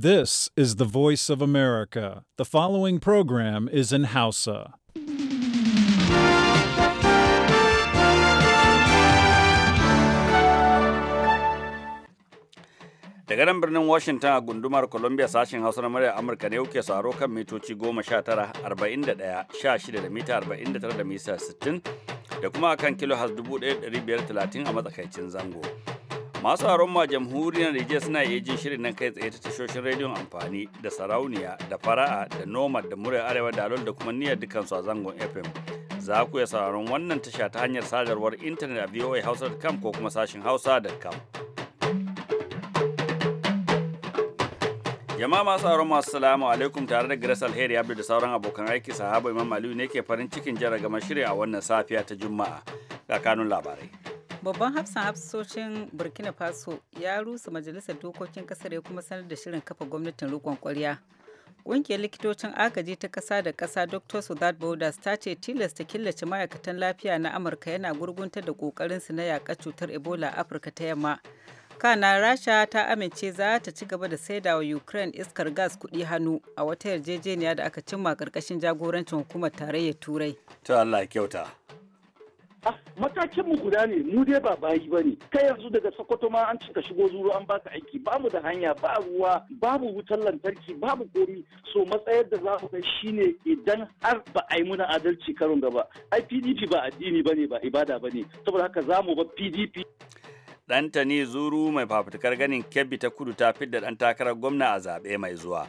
This is the voice of America. The following program is in Hausa. Daga nan birnin Washington a gundumar Columbia sashen Hausa na murya Amurka ne kuke saro kan mitoci 19-41-16 da mita 49 da mita 60 da kuma kan kilo 1530 a matsakaicin zango. masu haron ma jamhuriyar Nijar suna iya jin shirin nan kai tsaye ta tashoshin rediyon amfani da sarauniya da fara'a da noma da muryar arewa da alol da kuma niyyar su a zangon fm za ku iya sauraron wannan tasha ta hanyar sadarwar intanet a voahausa.com ko kuma sashin hausa.com jama'a masu sauraron masu salamu alaikum tare da grace alheri abdu da sauran abokan aiki sahaba imam aliyu ne ke farin cikin jaragamar shirya a wannan safiya ta juma'a kakanun labarai babban hafsan hafsoshin burkina faso ya rusa majalisar dokokin kasar ya kuma sanar da shirin kafa gwamnatin rikon kwarya ƙungiyar likitocin agaji ta ƙasa da ƙasa Dr. without borders ta ce tilasta killace ma'aikatan lafiya na amurka yana gurgunta da ƙoƙarinsu na yaƙa cutar ebola a afirka ta yamma kana rasha ta amince za ta ci gaba da saida wa ukraine iskar gas kuɗi hannu a wata yarjejeniya da aka cimma ƙarƙashin jagorancin hukumar tarayyar turai ta allah kyauta matakin mu guda ne mu dai ba bayi ba ne kai yanzu daga sokoto ma an cika shigo zuru an baka aiki bamu da hanya ba ruwa babu wutar lantarki babu komi so matsayar da za mu kai shine idan har ba a yi muna adalci karon gaba ai pdp ba addini ba ne ba ibada ba ne saboda haka za mu ba pdp ɗanta zuru mai fafutukar ganin kebbi ta kudu ta fidda ɗan takarar gwamna a zaɓe mai zuwa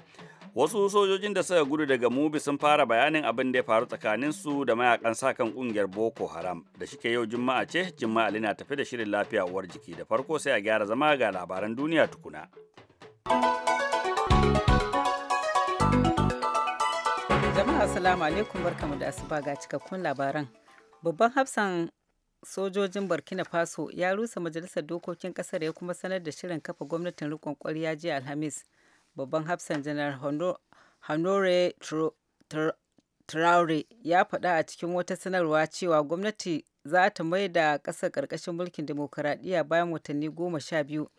wasu sojojin da suka gudu daga mubi sun fara bayanin abin da ya faru tsakanin su da mayakan sa kan kungiyar boko haram da shike yau juma'a ce juma'a lina tafi da shirin lafiya uwar jiki da farko sai a gyara zama ga labaran duniya tukuna jama'a assalamu alaikum barkamu da asuba ga cikakkun labaran babban hafsan sojojin burkina faso ya rusa majalisar dokokin kasar ya kuma sanar da shirin kafa gwamnatin rikon kwarya jiya alhamis babban hafsan janar honore traore ya faɗa a cikin wata sanarwa cewa gwamnati za ta mai da ƙasa ƙarƙashin mulkin demokuraɗiyya bayan watanni goma sha biyu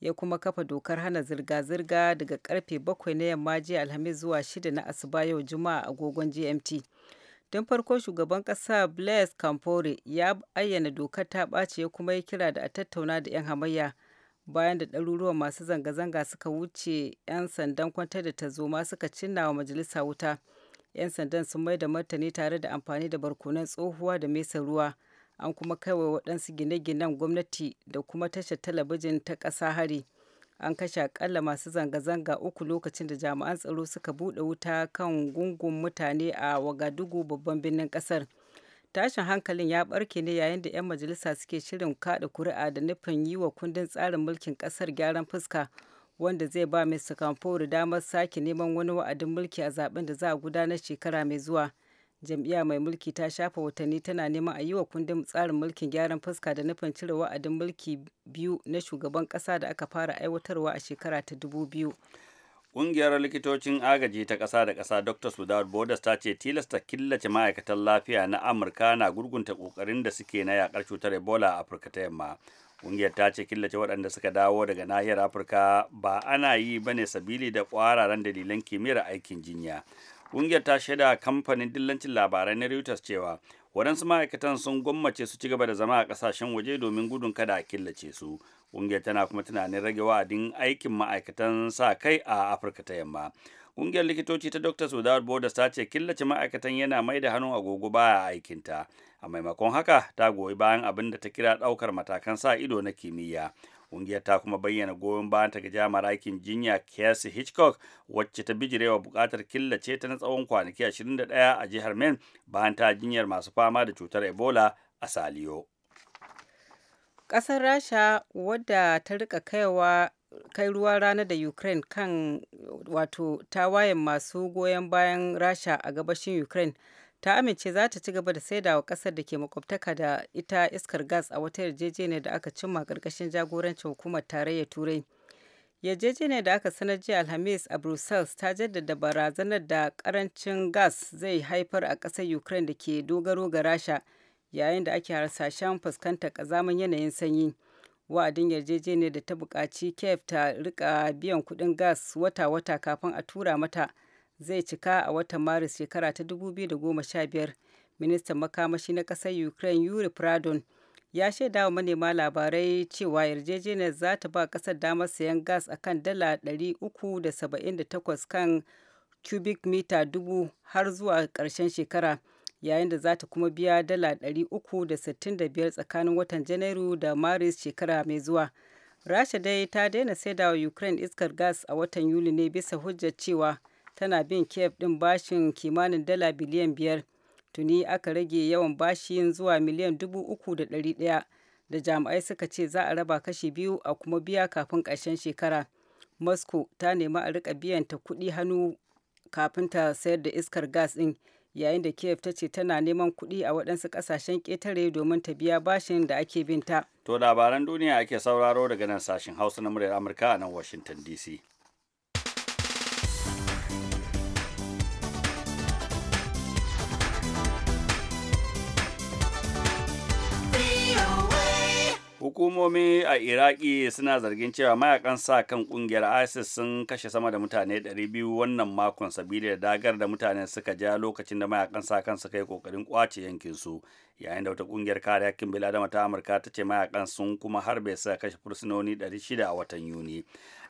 ya kuma kafa dokar hana zirga-zirga daga ƙarfe bakwai na yamma jiya alhamis zuwa shida na asuba yau juma'a agogon gmt don farko shugaban ƙasa blaise campore ya ayyana dokar ta ɓace ya kuma yi kira da a tattauna da 'yan hamayya bayan da ɗaruruwan masu zanga-zanga suka wuce 'yan sandan kwantar da tarzoma suka cinna wa majalisa wuta 'yan sandan sun mai da martani tare da amfani da barkonan tsohuwa da mesa ruwa an kuma kaiwa waɗansu gine-ginen gwamnati da kuma tashar talabijin ta ƙasa hari an kashe akalla masu zanga-zanga uku lokacin da jami'an tsaro suka buɗe wuta kan gungun mutane a wagadugu babban birnin ƙasar tashin hankalin ya barke ne yayin da 'yan majalisa suke shirin kada kuri'a da nufin yi wa kundin tsarin mulkin kasar gyaran fuska wanda zai ba mr kamfori damar sake neman wani wa'adin mulki a zaben da za a gudanar shekara mai zuwa jam'iyya mai mulki ta shafa watanni tana neman a yi wa kundin tsarin mulkin gyaran fuska da nufin cire wa'adin mulki biyu na shugaban kasa da aka fara aiwatarwa a shekara ta dubu biyu Ƙungiyar likitocin agaji ta ƙasa da ƙasa Dr Sudar Bodas ta ce tilasta killace ma'aikatan lafiya na Amurka na gurgunta ƙoƙarin da suke na yaƙar cutar Ebola a Afirka ta Yamma. Ƙungiyar ta ce killace waɗanda suka dawo daga nahiyar Afirka ba ana yi ba ne sabili da ƙwararan dalilan kimiyyar aikin jinya. Ƙungiyar ta shaida kamfanin dillancin labarai na Reuters cewa waɗansu ma'aikatan sun gwammace su ci gaba da zama a ƙasashen waje domin gudun kada a killace su. ƙungiyar tana kuma tunanin rage wa'adin aikin ma'aikatan sa kai a afirka ta yamma ƙungiyar likitoci ta dr Sudawar borders ta ce killace ma'aikatan yana mai da hannun agogo baya aikinta a maimakon haka ta goyi bayan abin da ta kira ɗaukar matakan sa ido na kimiyya ƙungiyar ta kuma bayyana goyon bayan ta ga jami'ar aikin jinya Casey Hitchcock wacce ta bijirewa buƙatar killace ta na tsawon kwanaki 21 a jihar Maine bayan ta jinyar masu fama da cutar Ebola a Saliyo. Ƙasar Rasha wadda ta rika kaiwa kai ruwa rana da Ukraine kan wato tawayen masu goyon bayan Rasha a gabashin Ukraine ta amince za ta ci gaba da wa ƙasar da ke makwabtaka da ita iskar gas a wata yarjejeniyar da aka cimma ƙarƙashin jagorancin hukumar tarayyar Turai. yarjejeniyar da aka sanar jiya alhamis a brussels ta jaddada barazanar da ƙarancin gas zai haifar a ƙasar ukraine da ke dogaro ga rasha yayin da ake harsashen fuskantar ƙazamin yanayin sanyi wa'adin yarjejeniyar da ta buƙaci kef ta rika biyan kuɗin gas wata-wata kafin a tura mata zai cika a watan maris shekara ta 2015 ministan makamashi na ƙasar ukraine yuri pradon ya shaida wa manema labarai cewa yarjejeniyar za ta ba ƙasar damar sayan gas a kan dala 378 kan cubic mita dubu har zuwa ƙarshen shekara yayin da za ta kuma biya dala 365 tsakanin watan janairu da maris shekara mai zuwa rasha dai ta daina saida wa ukraine iskar gas a watan yuli ne bisa hujjar cewa tana bin kiev din bashin kimanin dala biliyan biyar tuni aka rage yawan bashin zuwa miliyan dubu uku da ɗari ɗaya da jami'ai suka ce za a raba kashi biyu a kuma biya kafin karshen shekara moscow ta nemi a rika biyan ta kuɗi hannu kafin ta sayar da iskar gas ɗin yayin da kiev ta ce tana neman kuɗi a waɗansu ƙasashen ƙetare domin ta biya bashin da ake binta to labaran duniya ake sauraro daga nan sashen hausa na muryar amurka a nan washington dc hukumomi a iraki suna zargin cewa mayakan sa kan kungiyar isis sun kashe sama da mutane 200 wannan makon sabili da dagar da mutane suka ja lokacin da mayakan sa kan suka yi kokarin kwace yankin su yayin da wata kungiyar kare hakkin biladama ta amurka ta ce mayakan sun kuma harbe suka kashe fursunoni 600 a watan yuni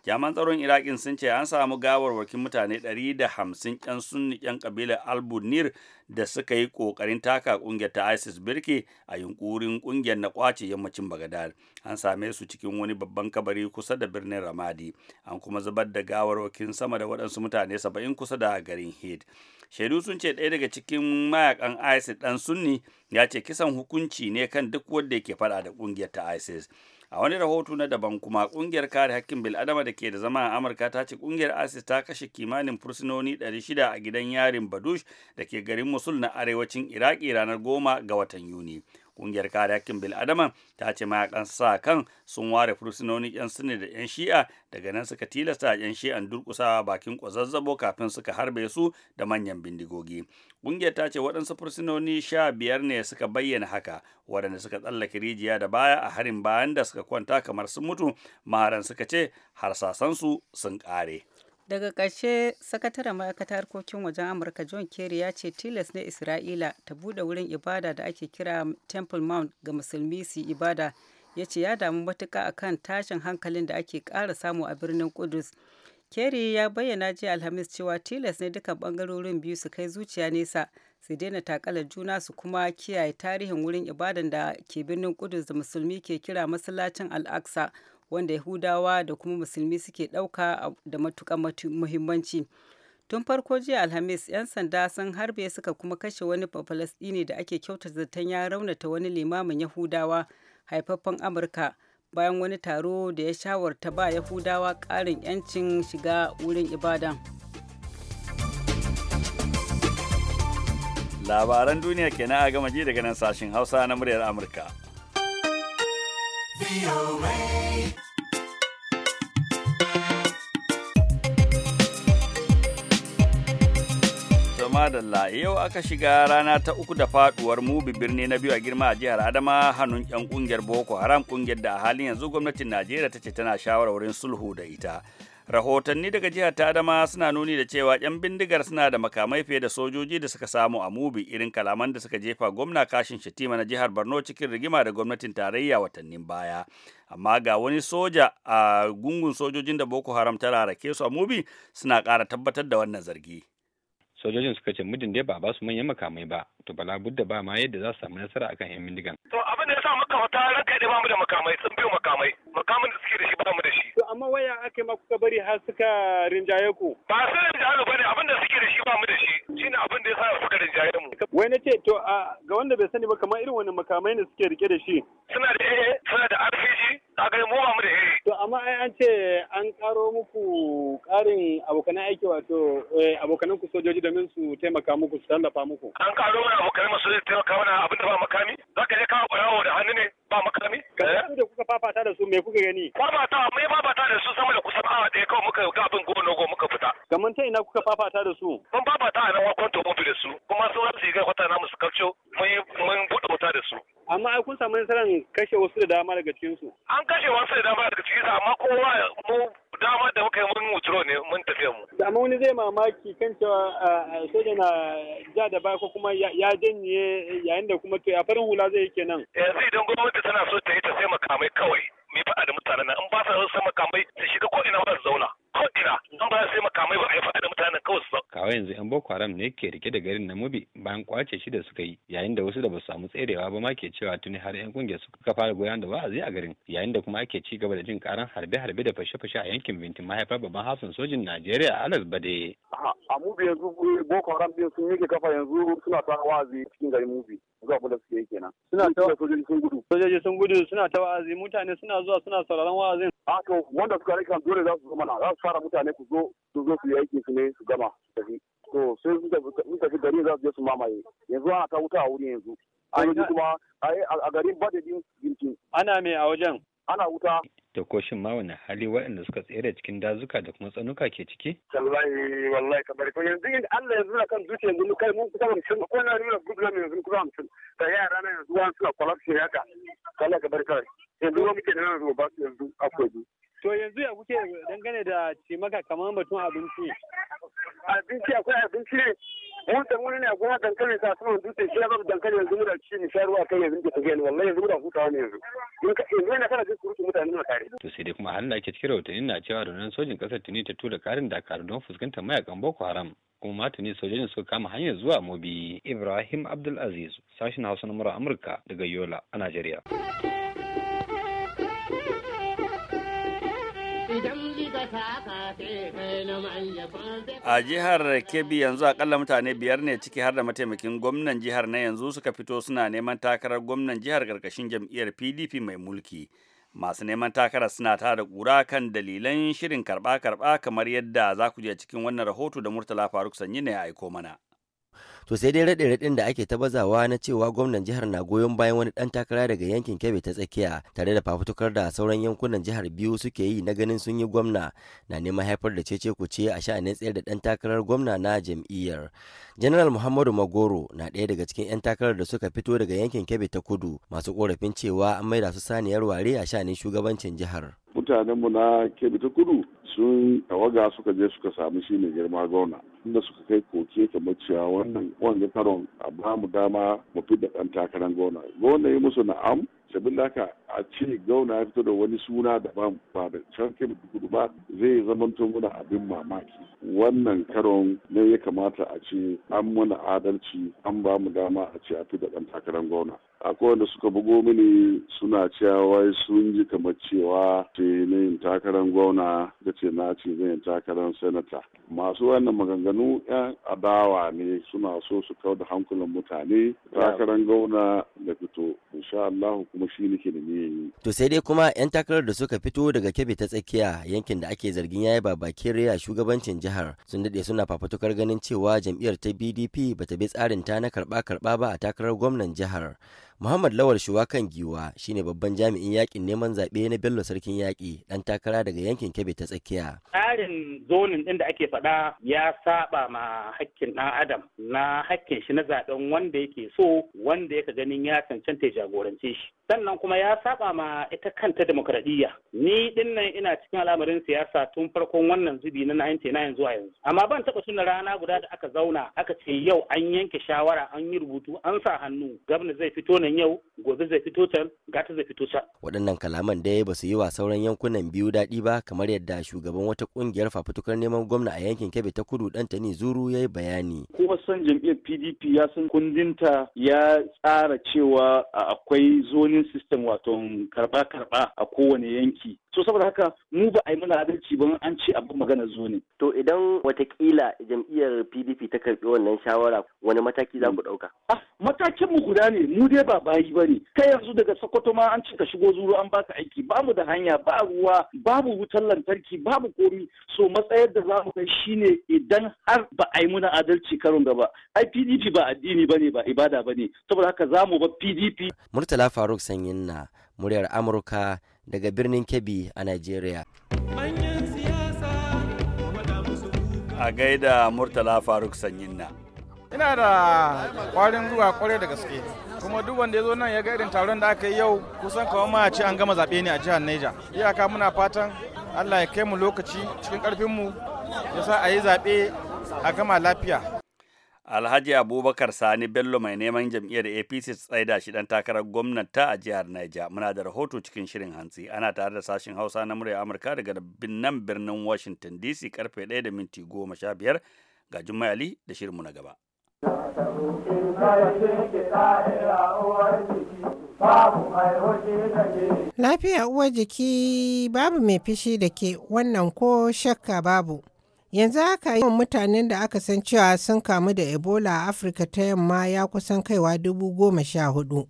jaman tsaron irakin sun ce an samu gawarwakin mutane 150 'yan sunni 'yan kabilar albunir da suka yi kokarin taka kungiyar ta isis birki a yunkurin kungiyar na kwace yammacin bagadar an same su cikin wani babban kabari kusa da birnin ramadi an kuma zubar da gawarwakin sama da waɗansu mutane 70 kusa da garin hid shaidu sun ce ɗaya daga cikin mayakan isis ɗan sunni ya ce kisan hukunci ne kan duk wanda yake fada da kungiyar ta isis a wani rahoto na daban kuma kungiyar kare hakkin bil'adama da ke da zama a amurka ta ce kungiyar isis ta kashe kimanin fursunoni 600 a gidan yarin badush da ke garin musul na arewacin iraki ranar goma ga watan yuni kungiyar kare hakkin bil'adama ta ce mayakan sa kan sun ware fursunonin yan sunni da yan shi'a daga nan suka tilasta yan shi'an durkusawa bakin kwazazzabo kafin suka harbe su da manyan bindigogi kungiyar ta ce waɗansu fursunoni sha biyar ne suka bayyana haka waɗanda suka tsallake rijiya da baya a harin bayan da suka kwanta kamar sun mutu maran suka ce harsasansu sun ƙare. daga ƙarshe sakataren ma'aikata harkokin wajen amurka john kerry ya ce tilas na isra'ila ta bude wurin ibada da ake kira temple mount ga musulmi su ibada ya ce ya damu matuka akan tashin hankalin da ake ƙara samu a birnin kudus kerry ya bayyana jiya alhamis cewa tilas ne duka bangarorin biyu su kai zuciya nesa su daina takalar juna su kuma kiyaye tarihin wurin ibadan da ke birnin kudus da musulmi ke kira masallacin al-aqsa wanda Yahudawa da kuma Musulmi suke ɗauka da matuƙar muhimmanci. Tun farko jiya Alhamis, 'yan sanda sun harbe suka kuma kashe wani falasɗini da ake kyauta zaton ya raunata wani limamin Yahudawa haifaffen Amurka bayan wani taro da ya shawarta ba Yahudawa ƙarin 'yancin shiga wurin ibada. Labaran duniya kenan a gama ji daga nan sashen Hausa na muryar Amurka. madalla yau aka shiga rana ta uku da faduwar mubi birni na biyu a girma a jihar adama hannun yan kungiyar boko haram kungiyar da a halin yanzu gwamnatin najeriya ta ce tana shawarwarin sulhu da ita rahotanni daga jihar ta adama suna nuni da cewa yan bindigar suna da makamai fiye da sojoji da suka samu a mubi irin kalaman da suka jefa gwamna kashin shatima na jihar borno cikin rigima da gwamnatin tarayya watannin baya amma ga wani soja a gungun sojojin da boko haram ta rarake su a mubi suna kara tabbatar da wannan zargi sojojin suka ce muddin dai ba ba su manyan makamai ba to bala budda ba ma yadda za su samu nasara akan yan mindigan. to abin da ya sa muka fita ranka da ba mu da makamai sun biyo makamai makamin da suke da shi ba mu da shi to amma waya ake ma kuka bari har suka rinjaye ku ba su rinjaye ba ne abin da suke da shi ba mu da shi shine abin da ya sa suka rinjaye mu wai na ce to ga wanda bai sani ba kamar irin wani makamai ne suke rike da shi suna da AA eh, suna da RPG kaga mu ba mu da iri to amma ai an ce an karo muku karin abokan aiki wato eh, abokanan ku sojoji domin su taimaka muku su tallafa muku an karo mana abokan mu su taimaka mana abinda ba makami zaka je kawo barawo da hannu ne ba makami. Kamar da kuka fafata da su me kuka gani? Fafata mai fafata da su sama da kusan awa ɗaya kawai muka gabin gono go muka fita. Kamar ta ina kuka fafata da su? Mun fafata a nan wakon to da su kuma sauran su yi ga kwata na musu kaucewa mun buɗe wuta da su. amma ai kun samu nasarar kashe wasu da dama daga cikin su an kashe wasu da dama daga cikin su amma kowa mu dama da muka yi mun wuturo ne mun tafiya mu amma wani zai mamaki kan cewa soja na ja da baya ko kuma ya janye yayin da kuma to ya farin hula zai yake nan yanzu eh, idan gwamnati gwamnati tana so ta yi ta sai makamai kawai mai faɗa da mutanen nan in ba sa son makamai su shiga ko ina ba su zauna ko'ina don ba sai makamai ba a yi faɗa da mutanen kawai su kawai yanzu yan boko haram ne ke rike da garin namubi bayan kwace shi da suka yi yayin da wasu da ba su samu tserewa ba ma ke cewa tuni har yan kungiyar suka fara goyon da wa'azi a garin yayin da kuma ake ci gaba da jin karan harbe-harbe da fashe-fashe a yankin bintin mahaifar babban hafin sojin najeriya alas bade a mubi yanzu boko haram ne sun yake kafa yanzu suna ta wa'azi cikin garin mubi zuwa da suke kenan suna ta sojoji sun gudu sojoji sun gudu suna ta wa'azi mutane suna zuwa suna sauraron wa'azin haka wanda suka rika dole za su zama na za su fara mutane ku zo su zo su yi aikin su ne su gama su tafi to sai sun tafi gari za su je su mamaye yanzu ana ta wuta a wuri yanzu a yanzu kuma a garin da girkin ana me a wajen ana wuta da ko shin ma wani hali waɗanda suka tsere cikin dazuka da kuma tsanuka ke ciki? Wallahi wallahi kamar ko yanzu in Allah yanzu kan zuciya yanzu kai mun kusa hamsin ko na nuna gudula mai yanzu kusa hamsin da yara na yanzu wani suna kwalafshin haka. Allah kamar kawai yanzu wani ke nan yanzu ba su yanzu akwai To yanzu ya kuke dangane da cimaka kamar batun abinci. Abinci akwai abinci ne. Mun da mun ne kuma dankali ta saman dutse shi ya babu dankali yanzu muna ci ni sharuwa kai yanzu da kage ni wallahi yanzu muna hutawa ne yanzu. Yanzu yana kana jin surutu mutane na kare. To sai dai kuma hannu ake cikin rahotanni na cewa rundunar sojin kasar Tuni ta tura karin Dakar don fuskantar mayakan Boko Haram. kuma tuni sojojin suka kama hanyar zuwa mobi ibrahim abdulaziz sashen hausa na mura amurka daga yola a najeriya A jihar Kebbi yanzu akalla mutane biyar ne ciki har da mataimakin gwamnan jihar na yanzu suka fito suna neman takarar gwamnan jihar karkashin jam'iyyar PDP mai mulki. Masu neman takarar suna ta da kura kan dalilan shirin karɓa-karɓa kamar yadda za ku je cikin wannan rahoto da Murtala Faruk Sanyi ne ya aiko mana. to sai dai raɗe-raɗin da ake ta bazawa na cewa gwamnan jihar na goyon bayan wani ɗan takara daga yankin kebe ta tsakiya tare da fafutukar da sauran yankunan jihar biyu suke yi na ganin sun yi gwamna na neman haifar da cece ce a sha'anin tsayar da ɗan takarar gwamna na jam'iyyar general muhammadu magoro na ɗaya daga cikin 'yan takarar da suka fito daga yankin kebe ta kudu masu korafin cewa an maida su saniyar ware a sha'anin shugabancin jihar mutanenmu na kebe ta kudu sun tawaga suka je suka sami shi mai girma gona inda suka kai koke kamar cewa wannan karon a ba mu dama mu fidda ɗan takarar gona gona yi musu na'am sabin haka a ce gauna ya fito da wani suna da ba ba da can ta kudu ba zai zamanto muna abin mamaki wannan karon ne ya kamata a ce an mana adalci an ba mu dama a ce a fi da ɗan takarar gona akwai wanda suka bugo mini suna cewa wai sun ji kamar cewa ce na yin takarar gwamna da ce na ce na yin takarar senata masu wannan maganganu yan adawa ne suna so su kau da hankulan mutane takarar gwamna da fito insha Allah kuma shi nake da niyan yi to sai dai kuma yan takarar da suka fito daga kebe ta tsakiya yankin da ake zargin yayi babakin riya shugabancin jihar sun dade suna fafutukar ganin cewa jam'iyyar ta BDP bata bi tsarin ta na karɓa karba ba a takarar gwamnan jihar Muhammad Lawal Shuwakan Giwa shine babban jami'in yakin neman zaɓe na Bello Sarkin Yaƙi ɗan takara daga yankin Kebbi ta tsakiya. Tsarin zonin ɗin da ake faɗa ya saba ma hakkin ɗan Adam na hakkin shi na zaɓen wanda yake so wanda yaka ganin ya cancanta ya jagorance shi. sannan kuma ya saba ma ita kanta demokradiyya ni dinnan ina cikin al'amarin siyasa tun farkon wannan zubi na 99 zuwa yanzu amma ban taba tuna rana guda da aka zauna aka ce yau an yanke shawara an yi rubutu an sa hannu gwamna zai fito nan yau gobe zai fito can gata zai fito can waɗannan kalaman dai ba su yi wa sauran yankunan biyu daɗi ba kamar yadda shugaban wata ƙungiyar fafutukar neman gwamna a yankin kebe ta Kudu Dantani Zuru ya bayani ko san jam'iyyar PDP ya san kundinta ya tsara cewa akwai zoni revenue system wato karba karba a kowane yanki so saboda haka mu ba a yi mana adalci ba an ce abu magana zo ne. to idan watakila jam'iyyar pdp ta karbi wannan shawara wani mataki za ku ɗauka. Ah, matakin mu guda ne mu dai ba bayi ba ne kai yanzu daga sokoto ma an ce ka shigo zuru an baka aiki bamu da hanya ba ruwa babu wutar lantarki babu komi so matsayar da za mu kai shine idan har ba a yi muna adalci karon gaba ai pdp ba addini ba ne ba ibada ba ne saboda haka za mu ba pdp murtala faruk sanyin na muryar amurka daga birnin Kebbi a nigeria. A gaida Murtala Faruk Sanyinna. Ina da kwarin ruwa kwarai da gaske, kuma duk wanda ya zo nan ya ga irin taron da aka yi yau kusan kawai ma ce an gama zaɓe ne a jihar Neja. Iyaka muna fatan Allah ya kai mu lokaci cikin ƙarfinmu ya sa a yi zaɓe a gama lafiya. Alhaji Abubakar Sani Bello mai neman jam'iyyar APC tsaida shi dan takarar gwamnata a jihar Niger. Muna da rahoto cikin shirin hantsi. Ana tare da sashin Hausa na murya Amurka daga nan birnin Washington DC karfe 1 da minti 15 ga Jummai Ali da shirinmu na gaba. Lafiya uwar jiki babu mai fishi da ke wannan ko shakka babu. Yanzu haka yawan mutanen da aka san cewa sun kamu da Ebola a Afirka ta yamma ya kusan kaiwa dubu goma sha hudu.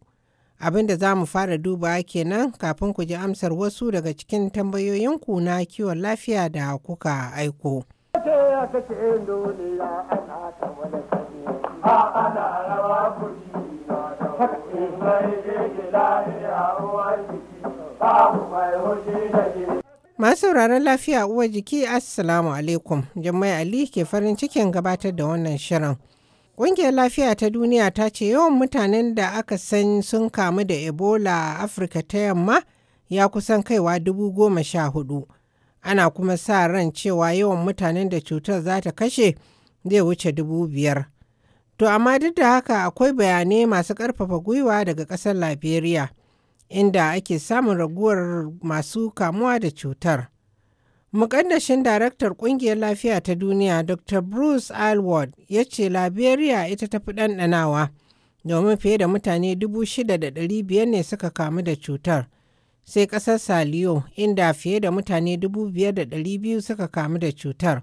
Abin da za mu fara duba kenan kafin ku ji amsar wasu daga cikin tambayoyinku na kiwon lafiya da kuka aiko. Masu sauraron lafiya uwa jiki Assalamu alaikum. Jummai Ali ke farin cikin gabatar da wannan shirin. Ƙungiyar lafiya ta duniya ta ce yawan mutanen da aka san sun kamu da Ebola a Afirka ta yamma ya kusan kaiwa dubu goma sha hudu. Ana kuma sa ran cewa yawan mutanen da cutar za ta kashe zai wuce dubu biyar. To amma duk da haka akwai bayanai masu ƙarfafa gwiwa daga ƙasar Liberia. inda ake samun raguwar masu kamuwa da cutar. Mukaddashin daraktar kungiyar lafiya ta duniya Dr. Bruce Alward ya ce Liberia ita ta fi ɗanɗanawa domin fiye da mutane 6,500 ne suka kamu da cutar. Sai ƙasar Saliyo inda fiye da mutane 5,200 suka kamu da cutar.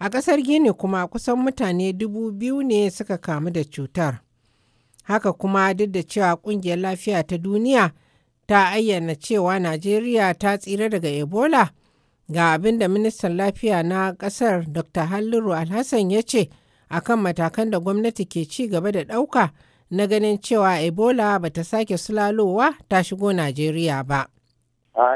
A ƙasar Gini kuma kusan mutane 2,000 ne suka kamu da cutar. haka kuma duk da cewa ƙungiyar lafiya ta duniya ta ayyana cewa najeriya ta tsira daga ebola ga abin da ministan lafiya na Kasar dr halliru alhassan ya ce akan matakan da gwamnati ke ci gaba da ɗauka na ganin cewa ebola ba ta sake sulalowa ta shigo najeriya ba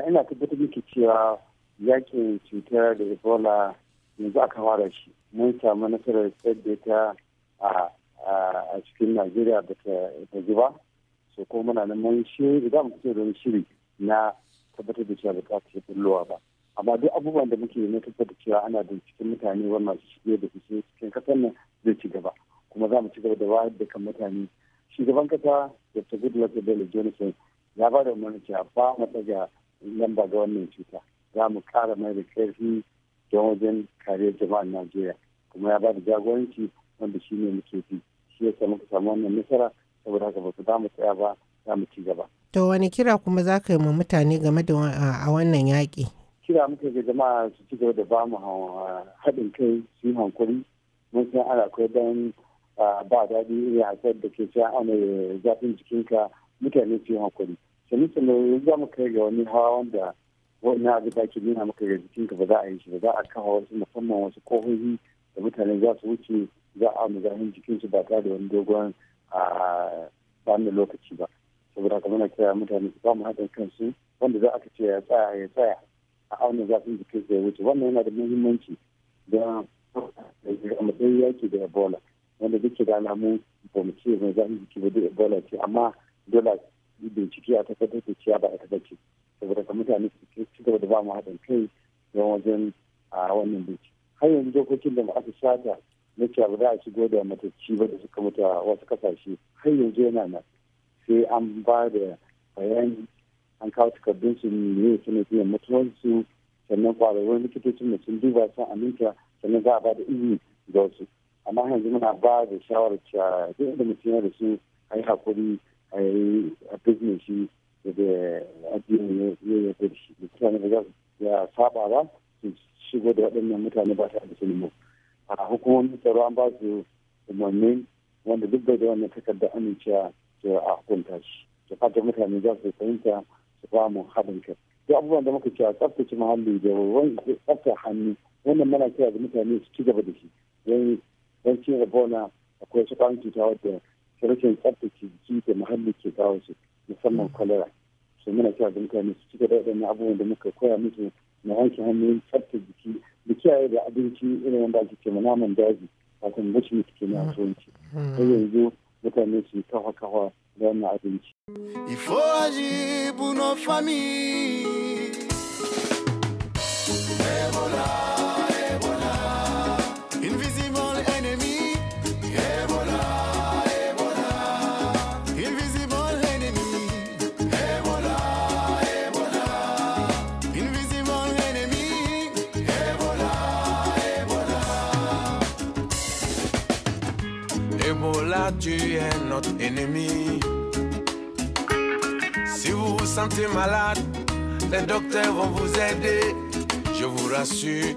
ina tabbatar miki cewa yakin cutar da ebola yanzu aka fara shi mun samu nasarar tsaddata a a cikin najeriya da ta ji ba su ko muna nan mun shiri idan mutum don shiri na tabbatar da cewa ba ta ce bullowa ba amma duk abubuwan da muke ne tabbatar da cewa ana cikin mutane wani masu shige da fice cikin kasar nan zai ci gaba kuma za mu ci gaba da wayar da kan mutane shugaban kasa dr goodluck bello jonathan ya ba da umarni cewa ba mu daga lamba ga wannan cuta za mu kara mai da karfi don wajen kariyar jama'ar najeriya kuma ya ba da jagoranci wanda ne muke fi wannan nasara saboda haka ba su damu tsaya ba za mu ci gaba. To wani kira kuma za ka yi ma mutane game da a wannan yaƙi? Kira muka ga jama'a su ci gaba da ba mu haɗin kai su yi hankuri mun san ana akwai don ba daɗi iri hasar da ke sha ana zafin jikinka mutane su yi hankuri. Sani sani za mu kai ga wani hawa wanda wani abu da ke nuna maka ga jikinka ba za a yi shi ba za a kawo wasu musamman wasu kohohi da mutane za su wuce za a jikin su ba tare da wani dogon a bani lokaci ba saboda haka muna kira mutane su samu haɗin kansu wanda za a ce ya tsaya ya tsaya a auna zafin su ya wuce wannan yana da muhimmanci don a matsayin yaki da ebola wanda duk da alamu ba mu ce mai zafin jiki ba duk ebola ce amma dole bincike a tabbatar da ciya ba a ce saboda ka mutane su ci gaba da ba mu haɗin kai don wajen a wannan bincike har yanzu dokokin da aka shata na cewa ba za a shigo da matacci ba da suka mutu a wasu kasashe har yanzu yana nan sai an ba da bayani an kawo takardun su ne su ne fiye su sannan kwararrun likitocin da sun duba sun aminta sannan za a ba da izini ga wasu amma yanzu muna ba da shawarar cewa duk da mutum yana da su a yi hakuri a yi a bizne shi da addini ya yarda da shi mutane ba za su saba ba su shigo da waɗannan mutane ba ta da mutu. a hukumomin tsaro an ba su umarni wanda duk bai da wannan takardar amincewa cewa a hukunta shi da fatan mutane za su fahimta su samu haɗin kai duk abubuwan da muka cewa tsaftace muhalli da tsaftar hannu wannan mana kira da mutane su ci gaba da shi don don cin rabona akwai su kwan cuta wadda rashin tsaftace jiki da muhalli ke kawo su musamman kwalera su muna kira da mutane su ci gaba da abubuwan da muka koya musu na wanke hannu tsaftace kiyaye da abinci irin yadda ake ce naman daji kafin mutum mutu ke na turanci hmm. har yanzu mutane su kawa kawa da wannan abinci. Ifo aji agir pour Ebola. tu es notre ennemi. Si vous vous sentez malade, les docteurs vont vous aider. Je vous rassure,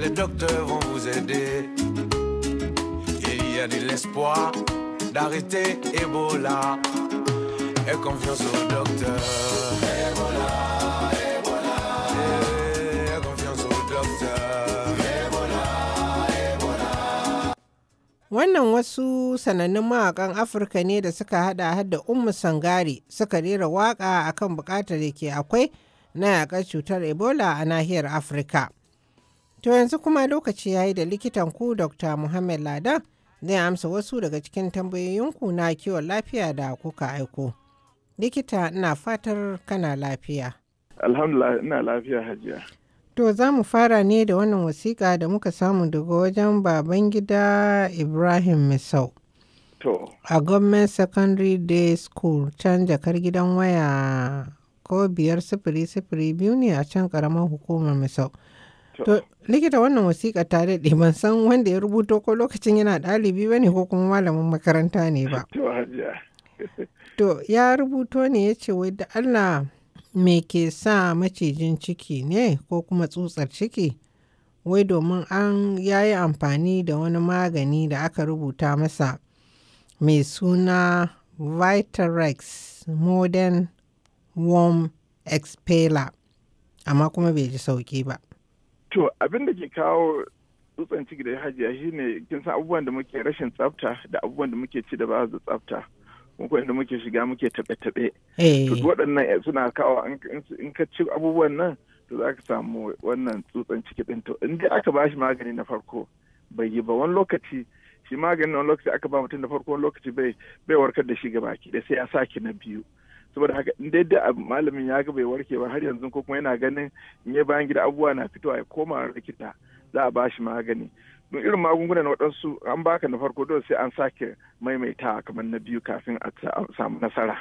les docteurs vont vous aider. Et il y a de l'espoir d'arrêter Ebola. Et confiance au docteur. Ebola. Wannan wasu sanannun mawaƙan Afirka ne da suka haɗa hada Ummu Sangari suka rera waƙa akan buƙatar da ke akwai na yaƙar cutar Ebola a nahiyar Afirka. To yanzu kuma lokaci ya yi da likitan ku Dr. Muhammad Ladan zai amsa wasu daga cikin tambayoyinku na kiwon lafiya da kuka aiko. Likita ina fatar kana lafiya. Alhamdulillah ina lafiya hajiya. To za mu fara ne da wannan wasiƙa da muka samu daga wajen baban gida Ibrahim Misau. A Government Secondary Day School can jakar gidan waya ko biyar sifiri sifiri biyu ne a can karamar hukumar Misau. To likita wannan wasiƙa tare da ban san wanda ya rubuto ko lokacin yana ɗalibi ba ne ko kuma malamin makaranta ne ba. To ya rubuto ne ya ce wai da Allah Me ke sa macijin ciki ne ko kuma tsutsar ciki? Wai domin an yayi amfani da wani magani da aka rubuta masa mai suna Vitarex Modern Worm Expeller, amma kuma bai ji sauki ba. To abin da ke kawo tsutsan ciki da hajiya shine kin san abubuwan da muke rashin tsafta da abubuwan da muke ci da ba su tsafta. wanda muke shiga muke taɓe-taɓe. Eh. To waɗannan eh, suna kawo in ka ci abubuwan nan to za ka samu wannan tsutsan ciki ɗin to in aka ba shi magani na farko bai yi ba wani lokaci shi maganin wani lokaci aka ba mutum da farko wani lokaci bai bai warkar da shi gaba baki da sai ya sake na biyu saboda haka in dai da malamin ya ga bai warke ba har yanzu ko kuma yana ganin in ya bayan gida abubuwa na fitowa ya koma rikita, za a ba shi magani don irin magungunan waɗansu an baka na farko dole sai an sake maimaita kamar na biyu kafin a samu nasara.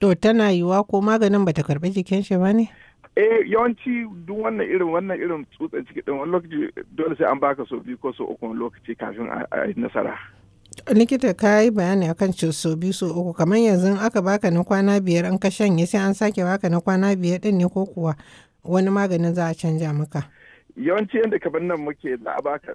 To tana yiwuwa ko maganin bata karɓi jikin shi ba ne? Eh yawanci duk wannan irin wannan irin tsutsan ciki ɗin wani lokaci dole sai an baka so biyu ko so uku wani lokaci kafin a yi nasara. Likita ka yi bayani akan so biyu so uku kamar yanzu aka baka na kwana biyar an ka shanye sai an sake baka na kwana biyar ɗin ne ko kuwa wani maganin za a canja maka. yawanci yadda kamar nan muke da baka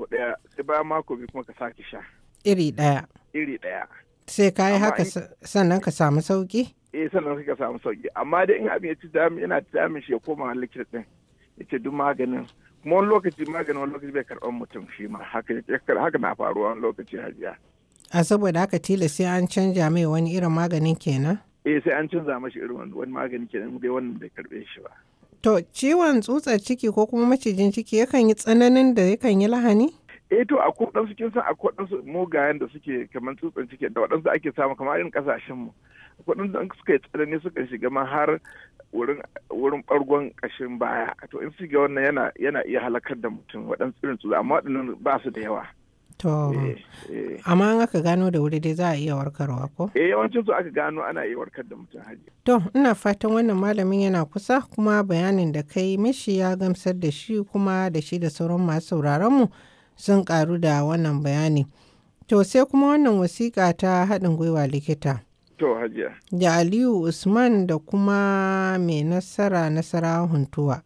so ɗaya sai bayan mako biyu kuma ka sake sha. Iri ɗaya. Iri ɗaya. Sai ka yi haka sannan ka samu sauki? Eh sannan ka samu sauki amma dai in abin ya ci dami yana dami shi ya koma likita ɗin ya ce duk maganin kuma wani lokaci maganin wani lokaci bai karɓar mutum shi ma haka na faruwa wani lokaci hajiya. A saboda haka tila sai an canja mai wani irin maganin kenan? Eh sai an canza mashi irin wani magani kenan dai wannan bai karɓe shi ba. To ciwon tsutsar ciki ko kuma macijin ciki yakan yi tsananin da yakan yi lahani? eh to akwai waɗansu kin san akwai mugayen da suke kamar tsutsan ciki da waɗansu ake samu kamar irin kasashen mu akwai waɗansu da suka yi tsanani suka shiga ma har wurin wurin ɓargon ƙashin baya to in su wannan yana iya halakar da mutum waɗansu irin tsutsa amma waɗannan ba su da yawa To, eh, eh. amma an aka gano da wuri dai za a iya warkarwa ko? Eh yawancin su aka gano ana iya warkar da mutum haji. To, ina fatan wannan malamin yana kusa kuma bayanin da kai mishi ya gamsar da shi kuma da shi da sauran masu sauraron mu sun karu da wannan bayani. To, sai kuma wannan wasiƙa ta haɗin gwiwa likita. To, hajiya. Da Aliyu Usman da kuma mai nasara nasara huntuwa.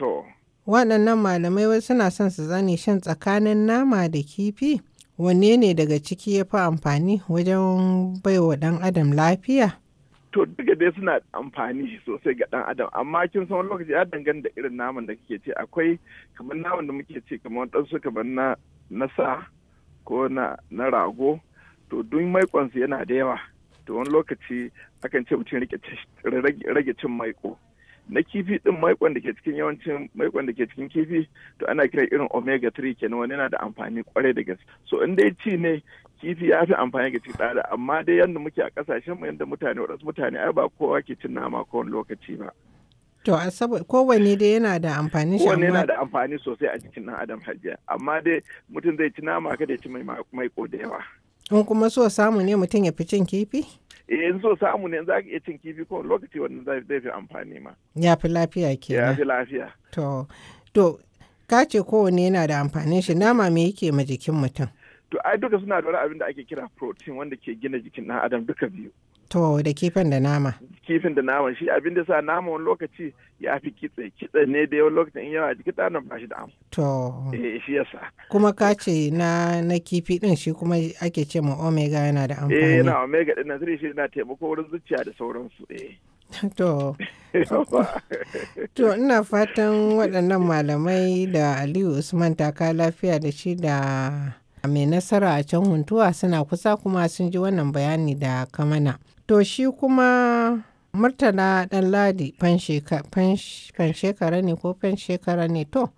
To. waɗannan malamai wai suna son su zane shan tsakanin nama da kifi wanne ne daga ciki ya fi amfani wajen baiwa ɗan adam lafiya to daga dai suna amfani sosai ga ɗan adam amma kin san wani lokaci ya danganta da irin naman da kike ce akwai kamar naman da muke ce kamar waɗansu kamar na na sa ko na na rago to duk maikonsu yana da yawa to wani lokaci akan ce mutum rage cin maiko na kifi din maikon da ke cikin yawancin maikon da ke cikin kifi to ana kira irin omega 3 kenan wani yana da amfani kwarai da gaske so in dai ci ne kifi ya fi amfani ga cikin tsada amma dai yadda muke a kasashen mu yadda mutane wadansu mutane ai ba kowa ke cin nama ko wani lokaci ba to a saboda kowanne dai yana da amfani shi amma yana da amfani sosai a cikin dan adam hajiya amma dai mutum zai ci nama kada ya ci mai maiko da yawa in kuma so samu ne mutum ya fi cin kifi Eh, in so samu ne za ka iya cin kifi ko lokaci wannan zai fi amfani ma. Ya fi lafiya ke. Ya fi lafiya. To, to, ka ce kowane yana da amfanin shi nama me yake ma jikin mutum? To, ai duka suna da wani abin da ake kira protein wanda ke gina jikin ɗan adam duka biyu. To da kifin da nama. Kifin da nama shi abin da sa nama wani lokaci ya fi kitse kitse ne da yawan lokacin in yawa jikin ɗanan ba shi da amu. To. Eh shi yasa. Kuma ka ce na kifi din shi kuma ake ce ma omega yana da amfani. Eh na omega din nan shi yana taimako wurin zuciya da sauransu eh. To, ina fatan waɗannan malamai da Aliyu Usman taka lafiya da shi da mai nasara a can huntuwa suna kusa kuma sun ji wannan bayani da kamana. To shi kuma Murtala Ɗanladi shekara ne ko fan shekara ne to,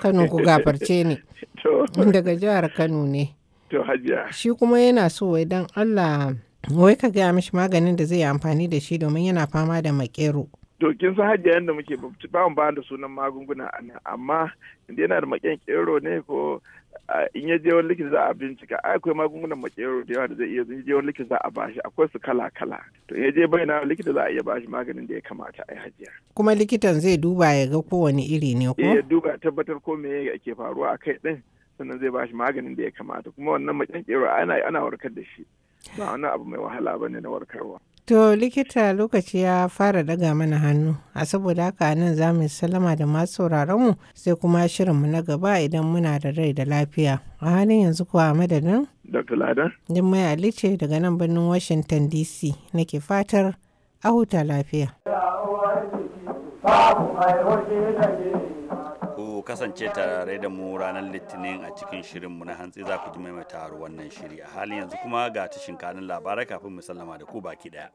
Kano ku gafarce ne, daga jihar Kano ne. To Shi kuma yana so idan Allah wai ka gaya mishi maganin da zai yi amfani da shi domin yana fama da makero. To kin san yadda muke bamu ba da sunan magunguna a nan amma yana da kero ne ko Eh, in ya je wani likita za a bincika akwai magungunan makero da yawa da zai iya in je wani likita za a bashi akwai su kala kala to in ya je bai na likita za a iya bashi maganin da ya kamata a yi hajiya kuma likitan zai duba ya ga kowane iri ne ko eh, ya duba tabbatar ko me yake faruwa a kai din sannan zai bashi maganin da ya kamata kuma wannan makero ana ana warkar da shi ba wani abu mai wahala bane na warkarwa To likita lokaci ya fara daga mana hannu, a saboda haka nan za mu salama da masu sauraron mu sai kuma shirin mu na gaba idan muna da rai da lafiya. A halin yanzu kuwa a madadin? Dr. Ladan. Jummai Ali ce daga nan birnin Washington DC nake fatar a huta lafiya. kasance tare da mu ranar litinin a cikin shirin mu na hantsi za ku ji maimaita wannan shiri a halin yanzu kuma ga tashin kanin labarai kafin mu sallama da ku baki daya.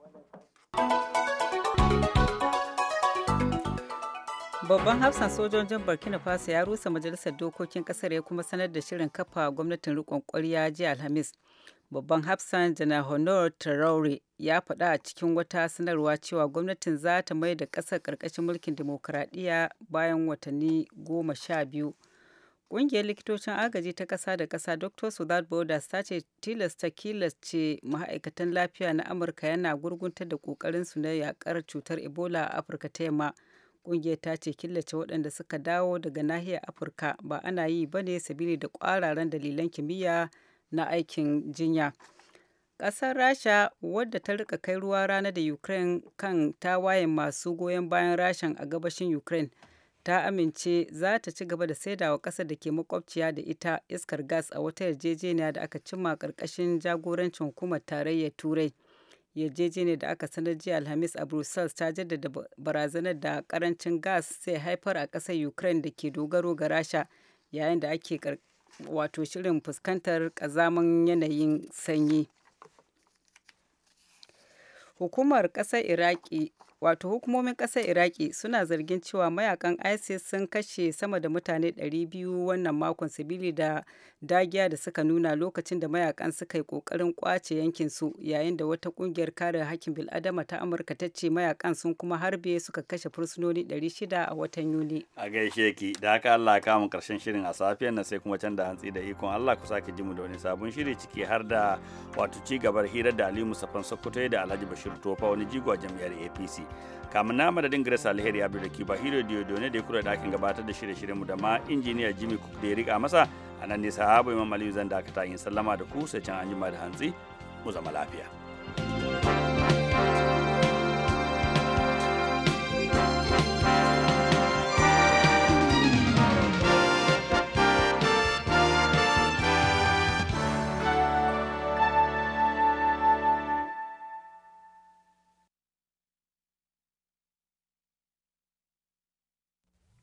Babban hafsan sojojin Burkina Faso ya rusa majalisar dokokin kasar ya kuma sanar da shirin kafa gwamnatin riƙon ƙwarya jiya Alhamis. babban hafsan janar honor traore ya faɗa a cikin wata sanarwa cewa gwamnatin za ta mai da ƙasar ƙarƙashin mulkin demokuraɗiyya bayan watanni goma sha biyu ƙungiyar likitocin agaji ta ƙasa da ƙasa Dr. without borders ta ce tilasta ce ma'aikatan lafiya na amurka yana gurguntar da ƙoƙarinsu na yaƙar cutar ebola a afirka ta yamma Ƙungiyar ta ce killace waɗanda suka dawo daga nahiyar afirka ba ana yi ba ne sabili da ƙwararen dalilan kimiyya na aikin jinya ƙasar rasha wadda ta rika kai ruwa rana da ukraine kan tawayen masu goyon bayan rashan a gabashin ukraine ta amince za ta ci gaba da wa ƙasar da ke makwabciya da ita iskar gas a wata yarjejeniya da aka cimma ƙarƙashin jagorancin hukumar tarayyar turai yarjejeniya da aka sanar jiya alhamis a brussels ta jaddada barazanar da ƙarancin gas zai haifar a ƙasar ukraine da ke dogaro ga rasha yayin da ake wato shirin fuskantar kazaman yanayin sanyi. Hukumar ƙasar Iraki wato hukumomin ƙasar iraki suna zargin cewa mayakan isis sun kashe sama da mutane 200 wannan makon sabili da dagiya da suka nuna lokacin da mayakan suka yi ƙoƙarin yankin yankinsu yayin da wata ƙungiyar kare hakkin bil'adama ta amurka ta ce mayakan sun kuma harbe suka kashe fursunoni 600 a watan yuli a gaishe ki da haka allah mu karshen shirin a safiyar nan sai kuma can da hantsi da ikon allah ku sake ji mu da wani sabon shiri ciki har da wato ci gabar hirar da aliyu musafan sokoto da alhaji bashir tofa wani jigo a jam'iyyar apc kamun na madadin grace alheri da kiba hiro diodone da ya kura dakin gabatar da shirye shirye mu da ma injiniya jimmy cook da ya rika masa a nan ne sahabu imam aliyu zan dakata yin sallama da ku sai can anjima da hantsi mu zama lafiya